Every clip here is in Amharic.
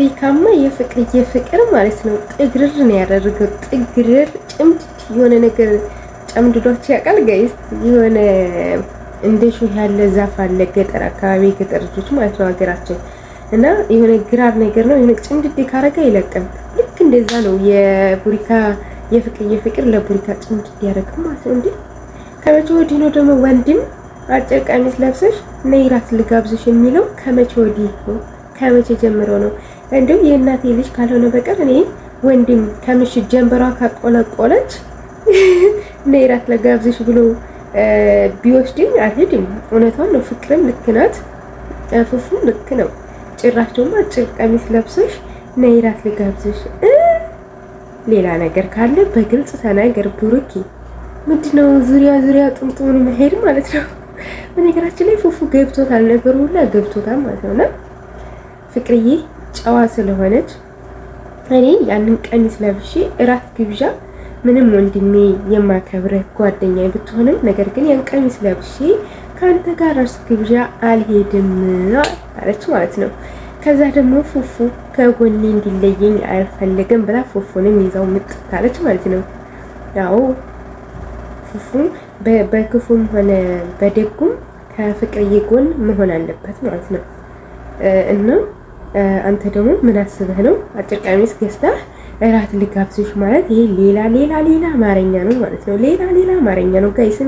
ሪካማ የፍቅር የፍቅር ማለት ነው። ጥግርር ነው ያደረገው። ጥግርር ጭምድድ የሆነ ነገር ጨምድዶች ያውቃል ጋይስ። የሆነ እንደ ያለ ዛፍ አለ ገጠር አካባቢ ገጠር ልጆች ማለት ነው ሀገራችን እና የሆነ ግራር ነገር ነው የሆነ ጭምድድ ካረገ አይለቅም። ልክ እንደዛ ነው የቡሪካ የፍቅር የፍቅር ለቡሪካ ጭምድድ ያደረግ ማለት ነው። እንዴ ከመቼ ወዲህ ነው ደግሞ ወንድም አጭር ቀሚስ ለብሰሽ ነይራት ልጋብዝሽ የሚለው ከመቼ ወዲህ ነው? ከመቼ ጀምሮ ነው? እንዲሁም የእናቴ ልጅ ካልሆነ በቀር እኔ ወንድም ከምሽት ጀንበሯ ካቆለቆለች ነይራት እራት ለጋብዝሽ ብሎ ቢወስድኝ አልሄድም። እውነቷን ነው። ፍቅርም ልክ ናት፣ ፉፉም ልክ ነው። ጭራሽ ደግሞ አጭር ቀሚስ ለብሰሽ ነይ ልጋብዝሽ። ሌላ ነገር ካለ በግልጽ ተናገር ብሩኪ። ምንድነው ዙሪያ ዙሪያ ጥምጥሙን መሄድ ማለት ነው። በነገራችን ላይ ፉፉ ገብቶታል፣ ነገሩ ሁላ ገብቶታል ማለት ነውና ፍቅርዬ ጨዋ ስለሆነች እኔ ያንን ቀሚስ ለብሼ እራት ግብዣ ምንም ወንድሜ የማከብርህ ጓደኛ ብትሆንም ነገር ግን ያን ቀሚስ ለብሼ ከአንተ ጋር እርስ ግብዣ አልሄድም አለች ማለት ነው። ከዛ ደግሞ ፉፉ ከጎኔ እንዲለየኝ አልፈልግም ብላ ፉፉንም ይዛው ምጥታለች ማለት ነው። ያው ፉፉ በክፉም ሆነ በደጉም ከፍቅርዬ ጎን መሆን አለበት ማለት ነው እና አንተ ደግሞ ምን አስበህ ነው አጭር ቀሚስ ገዝተህ እራት ልጋብዝሽ ማለት ይሄ ሌላ ሌላ ሌላ አማርኛ ነው ማለት ነው። ሌላ ሌላ አማርኛ ነው ጋይስ።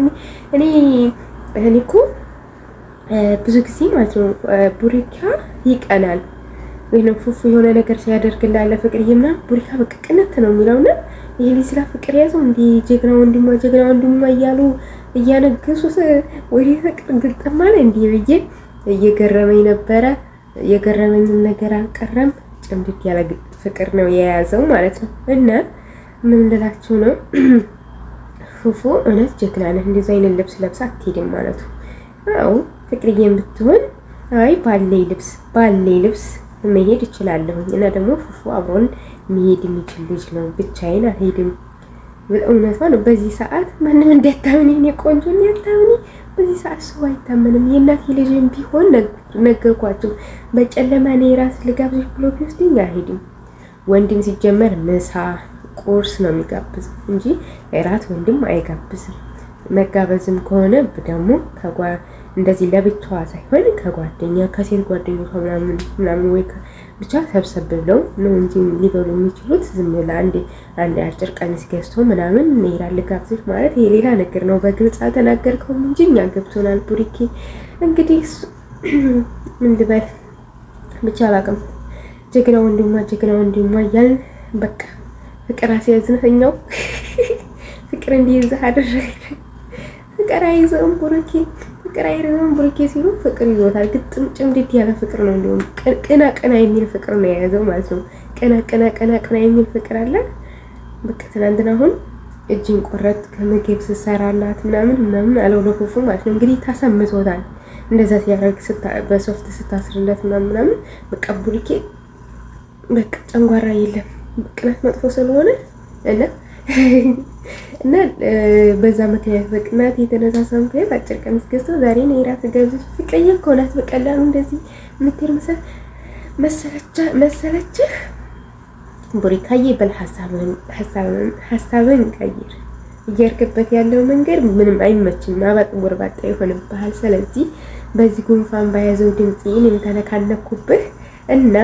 እኔ እኔ እኮ ብዙ ጊዜ ማለት ነው ቡሪካ ይቀናል ወይንም ፉፉ የሆነ ነገር ሲያደርግላለ ፍቅር ይምና ቡሪካ በቅቅነት ነው የሚለውና ይሄ ልጅ ስራ ፍቅር ያዘው እንዲ ጀግና ወንድማ ጀግና ወንድማ እያሉ እያነገሱት ወደ ፍቅር ግልጥማል እንዲህ ብዬ እየገረመኝ ነበረ። የገረመኝም ነገር አልቀረም። ጭምድድ ያለ ፍቅር ነው የያዘው ማለት ነው። እና ምን ልላችሁ ነው ፉፉ እውነት ጀግና ነህ። እንደዚ አይነት ልብስ ለብሳ አትሄድም ማለቱ። አዎ ፍቅርዬም ብትሆን አይ ባሌ ልብስ ባሌ ልብስ መሄድ እችላለሁኝ እና ደግሞ ፉፉ አብሮን መሄድ የሚችል ልጅ ነው። ብቻዬን አልሄድም እውነቷ ነው። በዚህ ሰዓት ማንም እንዲያታምን እኔ ቆንጆ እንዲያታምኒ በዚህ ሰዓት ሰው አይታመንም። የእናት ልጅም ቢሆን ነገርኳቸው። በጨለማ እኔ ራስ ልጋብዝሽ ብሎ ቢወስደኝ አይሄድም። ወንድም ሲጀመር ምሳ ቁርስ ነው የሚጋብዝ እንጂ እራት ወንድም አይጋብዝም። መጋበዝም ከሆነ ደግሞ እንደዚህ ለብቻዋ ሳይሆን ከጓደኛ ከሴት ጓደኞቿ ምናምን ምናምን ወይ ብቻ ሰብሰብ ብለው ነው እንጂ ሊበሉ የሚችሉት ዝም ብላ አንድ አንድ አጭር ቀሚስ ገዝቶ ምናምን ሄዳ ልጋብዝሽ ማለት ይሄ ሌላ ነገር ነው። በግልጽ አልተናገርከውም እንጂ እኛ ገብቶናል። ቡሪኬ እንግዲህ ምን ልበል ብቻ አላቅም። ጀግና ወንድሟ ጀግና ወንድሟ እያልን በቃ ፍቅር አስያዝነኛው ፍቅር እንዲይዝህ አደረገ። ፍቅር አይዘውም ቡሪኬ ፍቅር አይደለም ብሩኬ ሲሉ ፍቅር ይዞታል። ግጥም ጭምድት ያለ ፍቅር ነው። እንዲሁም ቅና ቅና የሚል ፍቅር ነው የያዘው ማለት ነው። ቅና ቅና ቅና ቅና የሚል ፍቅር አለ። በቃ ትናንትና አሁን እጅን ቆረጥ ከምግብ ስሰራላት ምናምን ምናምን አለው ለፉፉ ማለት ነው። እንግዲህ ታሰምቶታል። እንደዛ ሲያደርግ በሶፍት ስታስርለት ምናምን ምናምን በቃ ብሩኬ በቃ ጨንጓራ የለም ቅናት መጥፎ ስለሆነ እና እና በዛ ምክንያት በቅናት የተነሳሳ ምክንያት አጭር ቀሚስ ገዝተው ዛሬ ነው የራት ገብዞች ፍቀየር ከሆናት በቀላሉ እንደዚህ የምትሄድ መሰለችህ። ቡሪካዬ በል ሀሳብን ቀይር። እያርክበት ያለው መንገድ ምንም አይመችም፣ ማባጥ ጎርባጣ ይሆንብሃል። ስለዚህ በዚህ ጉንፋን በያዘው ድምፅን የምተነካነኩብህ እና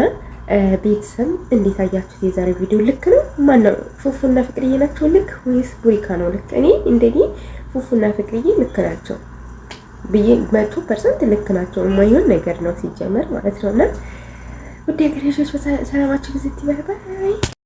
ቤተሰብ እንዴት አያችሁት? የዛሬ ቪዲዮ ልክ ነው ማነው? ፉፉና ፍቅርዬ ናቸው ልክ ወይስ ቡሪካ ነው ልክ? እኔ እንደኔ ፉፉና ፍቅርዬ ልክ ናቸው ብዬ መቶ ፐርሰንት ልክ ናቸው። የማይሆን ነገር ነው ሲጀመር ማለት ነው። እና ውድ የገሬሾች ሰላማችሁ ጊዜ ይበርባል።